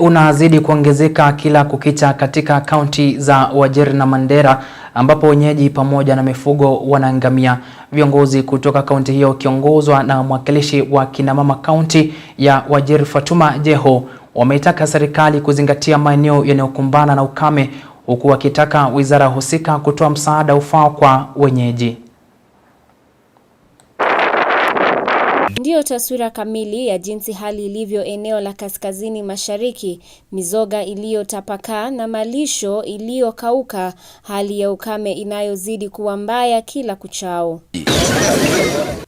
unazidi kuongezeka kila kukicha katika kaunti za Wajir na Mandera ambapo wenyeji pamoja na mifugo wanaangamia. Viongozi kutoka kaunti hiyo wakiongozwa na mwakilishi wa kinamama kaunti ya Wajir Fatuma Jeho wameitaka serikali kuzingatia maeneo yanayokumbana na ukame huku wakitaka wizara husika kutoa msaada ufao kwa wenyeji. ndiyo taswira kamili ya jinsi hali ilivyo eneo la kaskazini mashariki, mizoga iliyotapakaa na malisho iliyokauka, hali ya ukame inayozidi kuwa mbaya kila kuchao.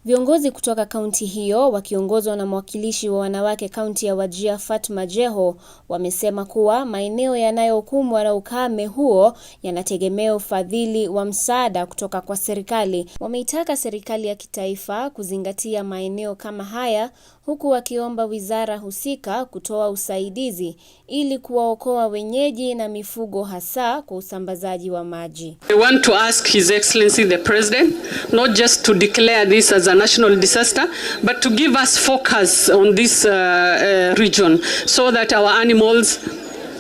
Viongozi kutoka kaunti hiyo wakiongozwa na mwakilishi wa wanawake kaunti ya Wajir Fatma Jeho wamesema kuwa maeneo yanayokumbwa na ukame huo yanategemea ufadhili wa msaada kutoka kwa serikali. Wameitaka serikali ya kitaifa kuzingatia maeneo kama haya huku wakiomba wizara husika kutoa usaidizi ili kuwaokoa wenyeji na mifugo hasa kwa usambazaji wa maji. I want to ask His Excellency the President not just to declare this as a national disaster but to give us focus on this uh, uh, region so that our animals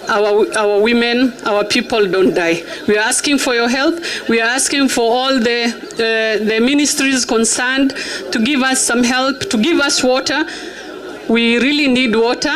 our, our women, our people don't die. We are asking for your help. We are asking for all the, uh, the ministries concerned to give us some help, to give us water. We really need water.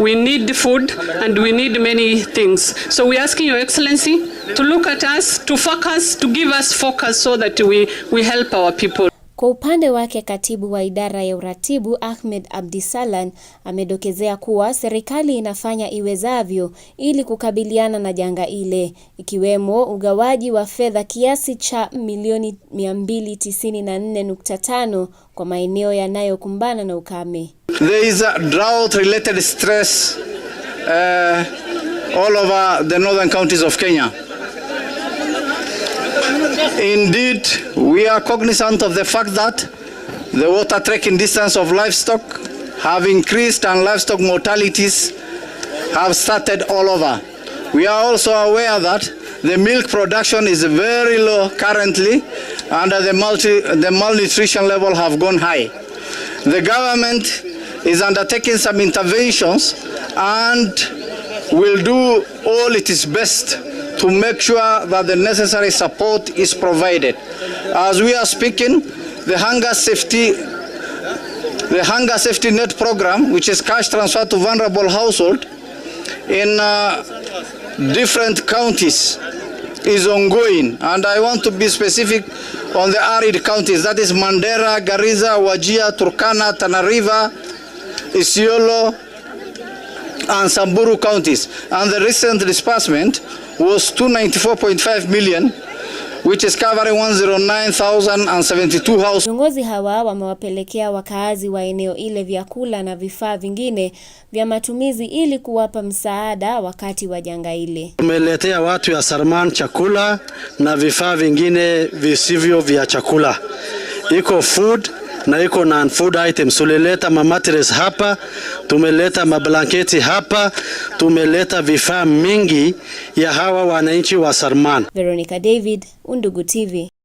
We need food and we need many things. So we're asking Your Excellency to look at us, to focus, to give us focus so that we, we help our people. Kwa upande wake katibu wa idara ya uratibu Ahmed Abdisalan amedokezea kuwa serikali inafanya iwezavyo ili kukabiliana na janga ile, ikiwemo ugawaji wa fedha kiasi cha milioni 294.5 kwa maeneo yanayokumbana na ukame. There is a drought related stress uh, all over the northern counties of Kenya. Indeed, we are cognizant of the fact that the water trekking distance of livestock have increased and livestock mortalities have started all over. We are also aware that the milk production is very low currently and the, multi, the malnutrition level have gone high. The government is undertaking some interventions and will do all it is best to make sure that the necessary support is provided. As we are speaking, the hunger safety the hunger safety net program, which is cash transfer to vulnerable household in uh, different counties is ongoing and I want to be specific on the arid counties that is Mandera, Gariza, Wajia, Turkana, Tanariva, Isiolo and Samburu counties and the recent disbursement was 294.5 million which is covering 109,072 houses. Viongozi hawa wamewapelekea wakaazi wa eneo ile vyakula na vifaa vingine vya matumizi ili kuwapa msaada wakati wa janga ile. Tumeletea watu ya Sarman chakula na vifaa vingine visivyo vya chakula. Iko food na iko na food items. Tulileta mamatres hapa, tumeleta mablanketi hapa, tumeleta vifaa mingi ya hawa wananchi wa Sarman. Veronica David, Undugu TV.